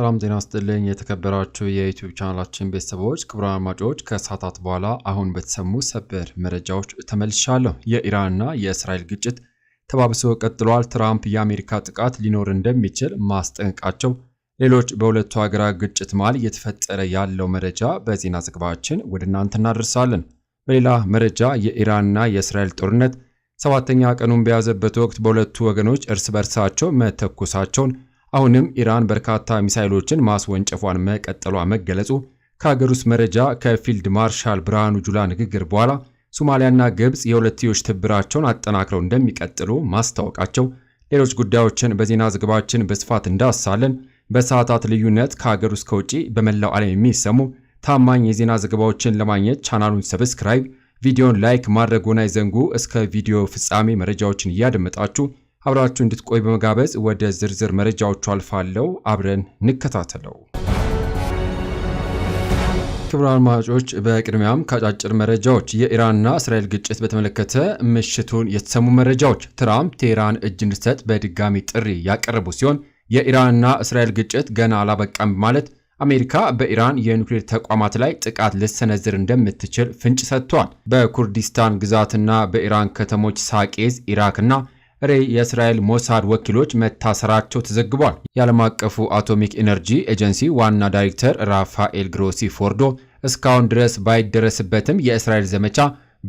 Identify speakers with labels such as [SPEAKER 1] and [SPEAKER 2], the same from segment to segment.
[SPEAKER 1] ሰላም ጤና ስጥልኝ የተከበራችሁ የዩቲዩብ ቻናላችን ቤተሰቦች፣ ክቡራን አድማጮች ከሰዓታት በኋላ አሁን በተሰሙ ሰበር መረጃዎች ተመልሻለሁ። የኢራንና የእስራኤል ግጭት ተባብሶ ቀጥሏል። ትራምፕ የአሜሪካ ጥቃት ሊኖር እንደሚችል ማስጠንቀቃቸው፣ ሌሎች በሁለቱ ሀገራት ግጭት መሃል እየተፈጠረ ያለው መረጃ በዜና ዘገባችን ወደ እናንተ እናደርሳለን። በሌላ መረጃ የኢራንና የእስራኤል ጦርነት ሰባተኛ ቀኑን በያዘበት ወቅት በሁለቱ ወገኖች እርስ በርሳቸው መተኮሳቸውን አሁንም ኢራን በርካታ ሚሳይሎችን ማስወንጨፏን መቀጠሏ መገለጹ ከሀገር ውስጥ መረጃ ከፊልድ ማርሻል ብርሃኑ ጁላ ንግግር በኋላ ሶማሊያና ግብፅ የሁለትዮሽ ትብብራቸውን አጠናክረው እንደሚቀጥሉ ማስታወቃቸው ሌሎች ጉዳዮችን በዜና ዘገባችን በስፋት እንዳሳለን። በሰዓታት ልዩነት ከሀገር ውስጥ ከውጪ በመላው ዓለም የሚሰሙ ታማኝ የዜና ዘገባዎችን ለማግኘት ቻናሉን ሰብስክራይብ፣ ቪዲዮን ላይክ ማድረግዎን አይዘንጉ። እስከ ቪዲዮ ፍጻሜ መረጃዎችን እያደመጣችሁ አብራችሁ እንድትቆይ በመጋበዝ ወደ ዝርዝር መረጃዎቹ አልፋለሁ። አብረን እንከታተለው። ክቡራን አድማጮች በቅድሚያም ከአጫጭር መረጃዎች የኢራንና እስራኤል ግጭት በተመለከተ ምሽቱን የተሰሙ መረጃዎች ትራምፕ ቴህራን እጅ እንድትሰጥ በድጋሚ ጥሪ ያቀረቡ ሲሆን የኢራንና እስራኤል ግጭት ገና አላበቃም በማለት አሜሪካ በኢራን የኒውክሌር ተቋማት ላይ ጥቃት ልትሰነዝር እንደምትችል ፍንጭ ሰጥቷል። በኩርዲስታን ግዛትና በኢራን ከተሞች ሳቄዝ፣ ኢራክና ሬ የእስራኤል ሞሳድ ወኪሎች መታሰራቸው ተዘግቧል። የዓለም አቀፉ አቶሚክ ኢነርጂ ኤጀንሲ ዋና ዳይሬክተር ራፋኤል ግሮሲ ፎርዶ እስካሁን ድረስ ባይደረስበትም የእስራኤል ዘመቻ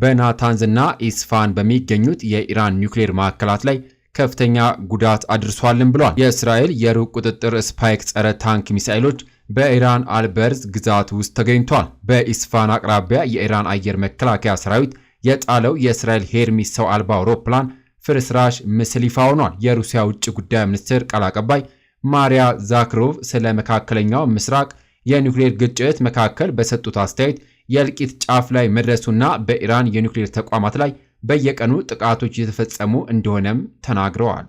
[SPEAKER 1] በናታንዝና ኢስፋን በሚገኙት የኢራን ኒውክሌር ማዕከላት ላይ ከፍተኛ ጉዳት አድርሷልን ብሏል። የእስራኤል የሩቅ ቁጥጥር ስፓይክ ጸረ ታንክ ሚሳይሎች በኢራን አልበርዝ ግዛት ውስጥ ተገኝቷል። በኢስፋን አቅራቢያ የኢራን አየር መከላከያ ሰራዊት የጣለው የእስራኤል ሄርሚስ ሰው አልባ አውሮፕላን ፍርስራሽ ምስል ይፋ ሆኗል። የሩሲያ ውጭ ጉዳይ ሚኒስትር ቃል አቀባይ ማሪያ ዛክሮቭ ስለ መካከለኛው ምስራቅ የኒውክሌር ግጭት መካከል በሰጡት አስተያየት የእልቂት ጫፍ ላይ መድረሱና በኢራን የኒውክሌር ተቋማት ላይ በየቀኑ ጥቃቶች እየተፈጸሙ እንደሆነም ተናግረዋል።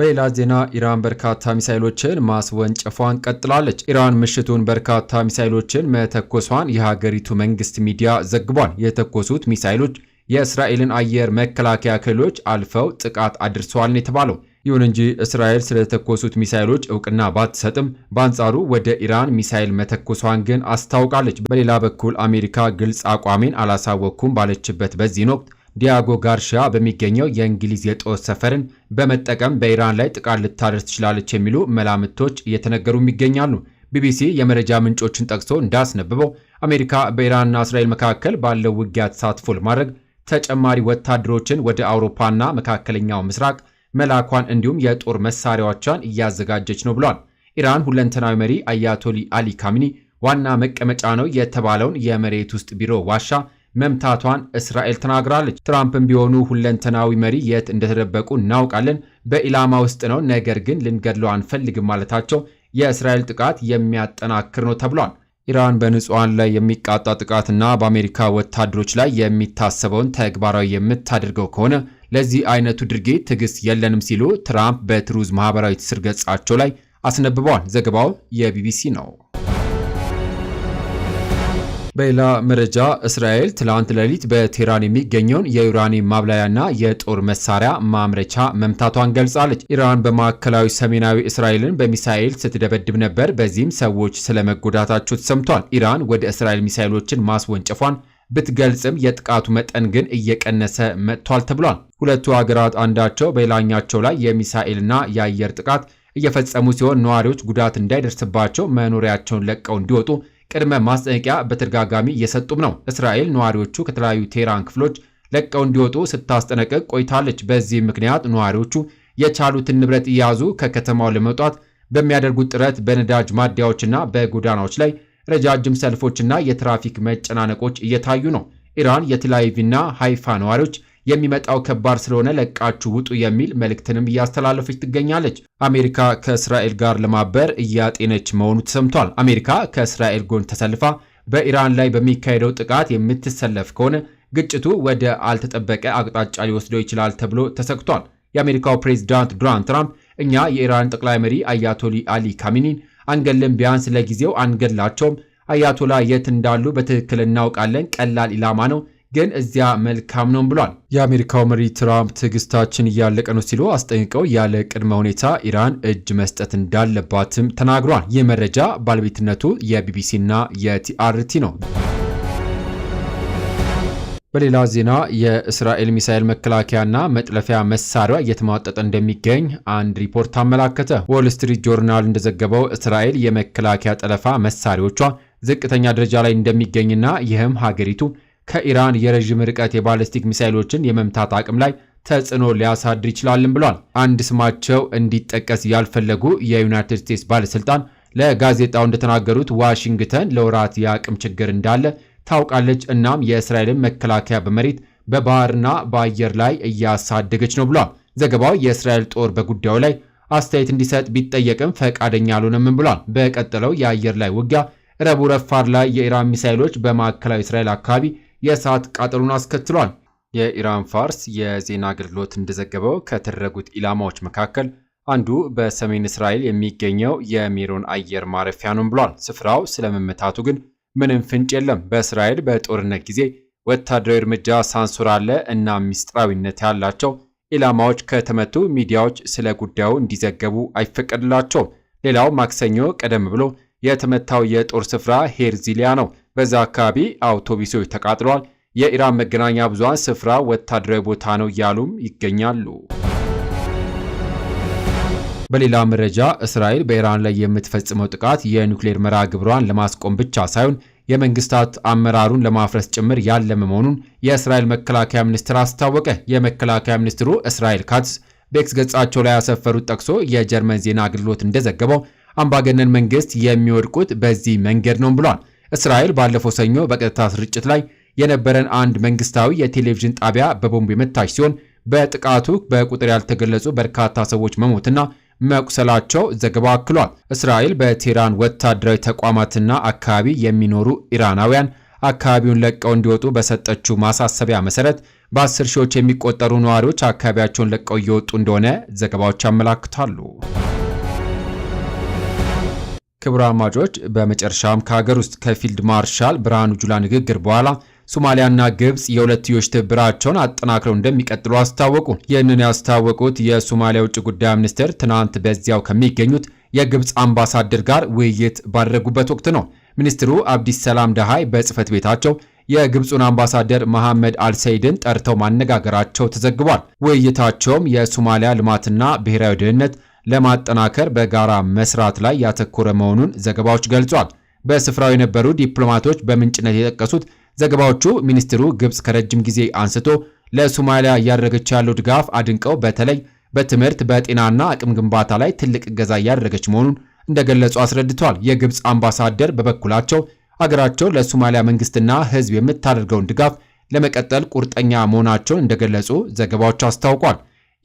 [SPEAKER 1] በሌላ ዜና ኢራን በርካታ ሚሳይሎችን ማስወንጨፏን ቀጥላለች። ኢራን ምሽቱን በርካታ ሚሳይሎችን መተኮሷን የሀገሪቱ መንግስት ሚዲያ ዘግቧል። የተኮሱት ሚሳይሎች የእስራኤልን አየር መከላከያ ክልሎች አልፈው ጥቃት አድርሰዋል ነው የተባለው። ይሁን እንጂ እስራኤል ስለተኮሱት ሚሳይሎች እውቅና ባትሰጥም በአንጻሩ ወደ ኢራን ሚሳይል መተኮሷን ግን አስታውቃለች። በሌላ በኩል አሜሪካ ግልጽ አቋሜን አላሳወቅኩም ባለችበት በዚህን ወቅት ዲያጎ ጋርሻ በሚገኘው የእንግሊዝ የጦር ሰፈርን በመጠቀም በኢራን ላይ ጥቃት ልታደርስ ትችላለች የሚሉ መላምቶች እየተነገሩ ይገኛሉ። ቢቢሲ የመረጃ ምንጮችን ጠቅሶ እንዳስነብበው አሜሪካ በኢራንና እስራኤል መካከል ባለው ውጊያ ተሳትፎ ለማድረግ ተጨማሪ ወታደሮችን ወደ አውሮፓና መካከለኛው ምስራቅ መላኳን እንዲሁም የጦር መሳሪያዎቿን እያዘጋጀች ነው ብሏል። ኢራን ሁለንተናዊ መሪ አያቶሊ አሊ ካሚኒ ዋና መቀመጫ ነው የተባለውን የመሬት ውስጥ ቢሮ ዋሻ መምታቷን እስራኤል ተናግራለች። ትራምፕም ቢሆኑ ሁለንተናዊ መሪ የት እንደተደበቁ እናውቃለን፣ በኢላማ ውስጥ ነው፣ ነገር ግን ልንገድለው አንፈልግም ማለታቸው የእስራኤል ጥቃት የሚያጠናክር ነው ተብሏል። ኢራን በንጹሐን ላይ የሚቃጣ ጥቃትና በአሜሪካ ወታደሮች ላይ የሚታሰበውን ተግባራዊ የምታደርገው ከሆነ ለዚህ አይነቱ ድርጊት ትዕግስት የለንም ሲሉ ትራምፕ በትሩዝ ማህበራዊ ትስስር ገጻቸው ላይ አስነብበዋል። ዘገባው የቢቢሲ ነው። በሌላ መረጃ እስራኤል ትላንት ሌሊት በቴህራን የሚገኘውን የዩራኒየም ማብላያና የጦር መሳሪያ ማምረቻ መምታቷን ገልጻለች። ኢራን በማዕከላዊ ሰሜናዊ እስራኤልን በሚሳኤል ስትደበድብ ነበር። በዚህም ሰዎች ስለመጎዳታቸው ተሰምቷል። ኢራን ወደ እስራኤል ሚሳኤሎችን ማስወንጨፏን ብትገልጽም የጥቃቱ መጠን ግን እየቀነሰ መጥቷል ተብሏል። ሁለቱ ሀገራት አንዳቸው በሌላኛቸው ላይ የሚሳኤልና የአየር ጥቃት እየፈጸሙ ሲሆን ነዋሪዎች ጉዳት እንዳይደርስባቸው መኖሪያቸውን ለቀው እንዲወጡ ቅድመ ማስጠንቀቂያ በተደጋጋሚ እየሰጡም ነው። እስራኤል ነዋሪዎቹ ከተለያዩ ቴህራን ክፍሎች ለቀው እንዲወጡ ስታስጠነቅቅ ቆይታለች። በዚህ ምክንያት ነዋሪዎቹ የቻሉትን ንብረት እየያዙ ከከተማው ለመውጣት በሚያደርጉት ጥረት በነዳጅ ማደያዎችና በጎዳናዎች ላይ ረጃጅም ሰልፎችና የትራፊክ መጨናነቆች እየታዩ ነው። ኢራን የትላይቪና ሃይፋ ነዋሪዎች የሚመጣው ከባድ ስለሆነ ለቃችሁ ውጡ የሚል መልእክትንም እያስተላለፈች ትገኛለች። አሜሪካ ከእስራኤል ጋር ለማበር እያጤነች መሆኑ ተሰምቷል። አሜሪካ ከእስራኤል ጎን ተሰልፋ በኢራን ላይ በሚካሄደው ጥቃት የምትሰለፍ ከሆነ ግጭቱ ወደ አልተጠበቀ አቅጣጫ ሊወስደው ይችላል ተብሎ ተሰግቷል። የአሜሪካው ፕሬዚዳንት ዶናልድ ትራምፕ እኛ የኢራን ጠቅላይ መሪ አያቶሊ አሊ ካሚኒን አንገልም፣ ቢያንስ ለጊዜው አንገድላቸውም። አያቶላ የት እንዳሉ በትክክል እናውቃለን። ቀላል ኢላማ ነው ግን እዚያ መልካም ነው ብሏል። የአሜሪካው መሪ ትራምፕ ትዕግስታችን እያለቀ ነው ሲሉ አስጠንቀው ያለ ቅድመ ሁኔታ ኢራን እጅ መስጠት እንዳለባትም ተናግሯል። ይህ መረጃ ባለቤትነቱ የቢቢሲና የቲአርቲ ነው። በሌላ ዜና የእስራኤል ሚሳኤል መከላከያና መጥለፊያ መሳሪያ እየተሟጠጠ እንደሚገኝ አንድ ሪፖርት አመላከተ። ዎል ስትሪት ጆርናል እንደዘገበው እስራኤል የመከላከያ ጠለፋ መሳሪያዎቿ ዝቅተኛ ደረጃ ላይ እንደሚገኝና ይህም ሀገሪቱ ከኢራን የረዥም ርቀት የባለስቲክ ሚሳይሎችን የመምታት አቅም ላይ ተጽዕኖ ሊያሳድር ይችላልም ብሏል። አንድ ስማቸው እንዲጠቀስ ያልፈለጉ የዩናይትድ ስቴትስ ባለሥልጣን ለጋዜጣው እንደተናገሩት ዋሽንግተን ለወራት የአቅም ችግር እንዳለ ታውቃለች፣ እናም የእስራኤልን መከላከያ በመሬት በባህርና በአየር ላይ እያሳደገች ነው ብሏል። ዘገባው የእስራኤል ጦር በጉዳዩ ላይ አስተያየት እንዲሰጥ ቢጠየቅም ፈቃደኛ አልሆነም ብሏል። በቀጠለው የአየር ላይ ውጊያ ረቡዕ ረፋድ ላይ የኢራን ሚሳይሎች በማዕከላዊ እስራኤል አካባቢ የእሳት ቃጠሎን አስከትሏል። የኢራን ፋርስ የዜና አገልግሎት እንደዘገበው ከተደረጉት ኢላማዎች መካከል አንዱ በሰሜን እስራኤል የሚገኘው የሜሮን አየር ማረፊያ ነው ብሏል። ስፍራው ስለመመታቱ ግን ምንም ፍንጭ የለም። በእስራኤል በጦርነት ጊዜ ወታደራዊ እርምጃ ሳንሱር አለ እና ሚስጥራዊነት ያላቸው ኢላማዎች ከተመቱ ሚዲያዎች ስለ ጉዳዩ እንዲዘገቡ አይፈቀድላቸውም። ሌላው ማክሰኞ ቀደም ብሎ የተመታው የጦር ስፍራ ሄርዚሊያ ነው። በዛ አካባቢ አውቶቡሶች ተቃጥለዋል። የኢራን መገናኛ ብዙሃን ስፍራ ወታደራዊ ቦታ ነው እያሉም ይገኛሉ። በሌላ መረጃ እስራኤል በኢራን ላይ የምትፈጽመው ጥቃት የኒውክሌር መርሃ ግብሯን ለማስቆም ብቻ ሳይሆን የመንግስታት አመራሩን ለማፍረስ ጭምር ያለመ መሆኑን የእስራኤል መከላከያ ሚኒስትር አስታወቀ። የመከላከያ ሚኒስትሩ እስራኤል ካትስ በኤክስ ገጻቸው ላይ ያሰፈሩት ጠቅሶ የጀርመን ዜና አገልግሎት እንደዘገበው አምባገነን መንግስት የሚወድቁት በዚህ መንገድ ነው ብሏል። እስራኤል ባለፈው ሰኞ በቀጥታ ስርጭት ላይ የነበረን አንድ መንግስታዊ የቴሌቪዥን ጣቢያ በቦምብ የመታች ሲሆን በጥቃቱ በቁጥር ያልተገለጹ በርካታ ሰዎች መሞትና መቁሰላቸው ዘገባ አክሏል። እስራኤል በቴህራን ወታደራዊ ተቋማትና አካባቢ የሚኖሩ ኢራናውያን አካባቢውን ለቀው እንዲወጡ በሰጠችው ማሳሰቢያ መሰረት በአስር ሺዎች የሚቆጠሩ ነዋሪዎች አካባቢያቸውን ለቀው እየወጡ እንደሆነ ዘገባዎች ያመላክታሉ። ክቡር አድማጮች፣ በመጨረሻም ከሀገር ውስጥ ከፊልድ ማርሻል ብርሃኑ ጁላ ንግግር በኋላ ሶማሊያና ግብጽ የሁለትዮሽ ትብብራቸውን አጠናክረው እንደሚቀጥሉ አስታወቁ። ይህንን ያስታወቁት የሶማሊያ ውጭ ጉዳይ ሚኒስትር ትናንት በዚያው ከሚገኙት የግብፅ አምባሳደር ጋር ውይይት ባደረጉበት ወቅት ነው። ሚኒስትሩ አብዲሰላም ደሃይ በጽህፈት ቤታቸው የግብፁን አምባሳደር መሐመድ አልሰይድን ጠርተው ማነጋገራቸው ተዘግቧል። ውይይታቸውም የሶማሊያ ልማትና ብሔራዊ ደህንነት ለማጠናከር በጋራ መስራት ላይ ያተኮረ መሆኑን ዘገባዎች ገልጿል። በስፍራው የነበሩ ዲፕሎማቶች በምንጭነት የጠቀሱት ዘገባዎቹ ሚኒስትሩ ግብፅ ከረጅም ጊዜ አንስቶ ለሶማሊያ እያደረገች ያለው ድጋፍ አድንቀው በተለይ በትምህርት በጤናና አቅም ግንባታ ላይ ትልቅ እገዛ እያደረገች መሆኑን እንደገለጹ አስረድቷል። የግብፅ አምባሳደር በበኩላቸው አገራቸው ለሶማሊያ መንግስትና ሕዝብ የምታደርገውን ድጋፍ ለመቀጠል ቁርጠኛ መሆናቸውን እንደገለጹ ዘገባዎች አስታውቋል።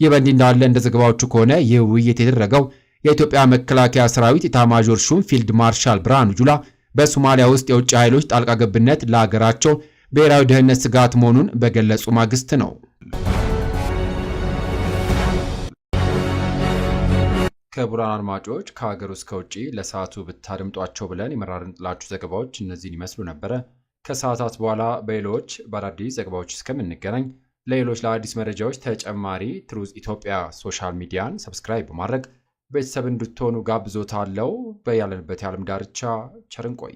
[SPEAKER 1] ይህ በእንዲህ እንዳለ እንደ ዘገባዎቹ ከሆነ ይህ ውይይት የተደረገው የኢትዮጵያ መከላከያ ሰራዊት ኢታማዦር ሹም ፊልድ ማርሻል ብርሃኑ ጁላ በሶማሊያ ውስጥ የውጭ ኃይሎች ጣልቃ ገብነት ለሀገራቸው ብሔራዊ ደህንነት ስጋት መሆኑን በገለጹ ማግስት ነው። ክቡራን አድማጮች ከሀገር ውስጥ ከውጭ ለሰዓቱ ብታደምጧቸው ብለን የመራርንላችሁ ዘገባዎች እነዚህን ይመስሉ ነበረ። ከሰዓታት በኋላ በሌሎች በአዳዲስ ዘገባዎች እስከምንገናኝ ለሌሎች ለአዲስ መረጃዎች ተጨማሪ ትሩዝ ኢትዮጵያ ሶሻል ሚዲያን ሰብስክራይብ በማድረግ ቤተሰብ እንድትሆኑ ጋብዞታለው በያለንበት የዓለም ዳርቻ ቸርን ቆይ